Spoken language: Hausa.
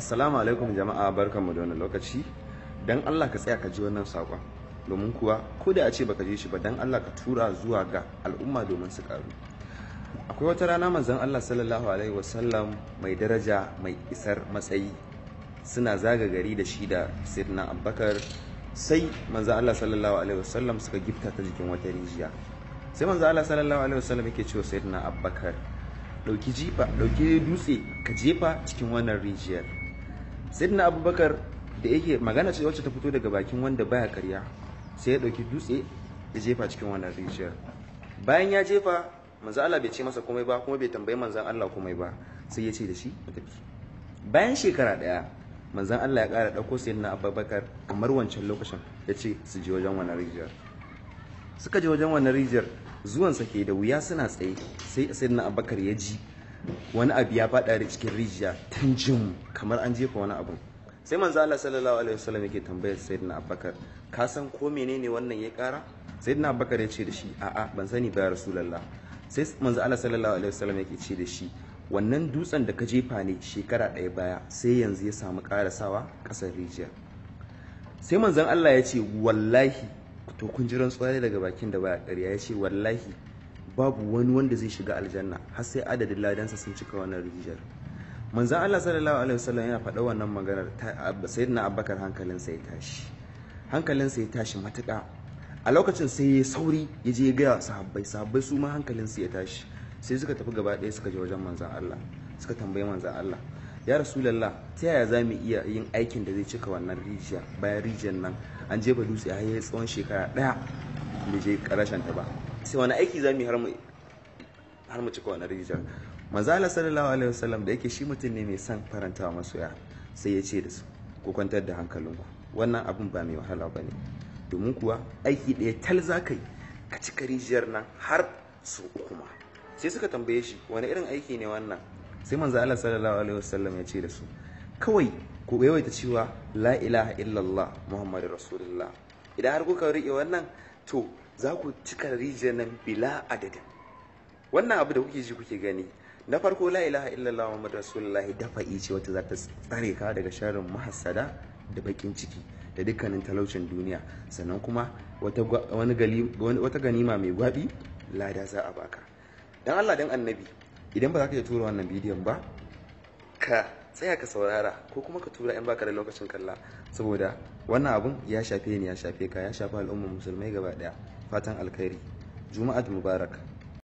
assalamu alaikum jama'a barkanmu da wani lokaci dan Allah ka tsaya ka ji wannan saƙon domin kuwa ko da a ce baka je shi ba dan Allah ka tura zuwa ga al'umma domin su karu akwai wata rana manzon Allah sallallahu alaihi wasallam mai daraja mai isar matsayi suna zaga gari da shi da sirna Abubakar sai manzon Allah sallallahu alaihi wasallam suka gifta ta jikin wata rijiya sai manzon Allah sallallahu alaihi wasallam yake cewa sirna Abubakar dauki jifa dauki dutse ka jefa cikin wannan rijiyar sayyidina abubakar da yake magana ce wacce ta fito daga bakin wanda baya karya sai ya dauki dutse ya jefa cikin wannan rijiyar bayan ya jefa manzo Allah bai ce masa komai ba kuma bai tambayi manzon Allah komai ba sai ya ce da shi ya tafi bayan shekara daya manzon Allah ya kara dauko sayyidina abubakar kamar wancan lokacin ya ce su je wajen wannan rijiyar suka je wajen wannan rijiyar zuwansa ke da wuya suna tsaye sai sayyidina abubakar ya ji wani abu ya faɗa da cikin rijiya tun jin kamar an jefa wani abu sai manzo Allah sallallahu alaihi wasallam yake tambayar sayyidina Abubakar ka san ko menene wannan ya kara sayyidina Abubakar ya ce da shi a'a ban sani ba Rasulallah. rasulullah sai manzo Allah sallallahu alaihi wasallam yake ce da shi wannan dutsen da ka jefa ne shekara ɗaya baya sai yanzu ya samu ƙarasawa ƙasar rijiya sai manzon Allah ya ce wallahi to kun ji rantsuwa daga bakin da baya ƙarya ya ce wallahi babu wani wanda zai shiga aljanna har sai adadin ladansa sun cika wannan rijiyar manzan Allah sallallahu alaihi wasallam yana faɗa wannan maganar sayyidina Abubakar hankalinsa ya tashi hankalinsa ya tashi matuƙa a lokacin sai ya sauri ya je ya gaya sahabbai sahabbai su ma hankalinsu ya tashi sai suka tafi gaba ɗaya suka je wajen manzan Allah suka tambayi manzan Allah ya rasulullah ta yaya za mu iya yin aikin da zai cika wannan rijiya bayan rijiyar nan an jefa dutse har ya tsawon shekara ɗaya bai karashen ta ba sai wani aiki za mu har mu cika wani rijiyar manzala sallallahu alaihi wasallam da yake shi mutum ne mai son faranta wa masoya sai ya ce da su ku kwantar da hankalinku wannan abin ba mai wahala ba ne domin kuwa aiki ɗaya tal za ka yi ka cika rijiyar nan har su uku sai suka tambaye shi wani irin aiki ne wannan sai manzo sallallahu alaihi wasallam ya ce da su kawai ku waita cewa la ilaha illallah Muhammadu rasulullah idan har kuka rike wannan to za ku cika rijiyar nan bila adadin wannan abu da kuke ji kuke gani na farko la ilaha illallah muhammad rasulullah dafa'i ce wata za ta tsare ka daga sharrin mahassada da bakin ciki da dukkanin talaucin duniya sannan kuma wata ganima mai gwabi lada za a baka dan Allah dan annabi idan ba za ka iya tura wannan bidiyon ba ka tsaya ka saurara ko kuma ka tura in baka da lokacin kalla saboda wannan abun ya shafe ni ya shafe ka ya shafe al'ummar musulmai gaba daya fatan alkhairi juma'at mubarak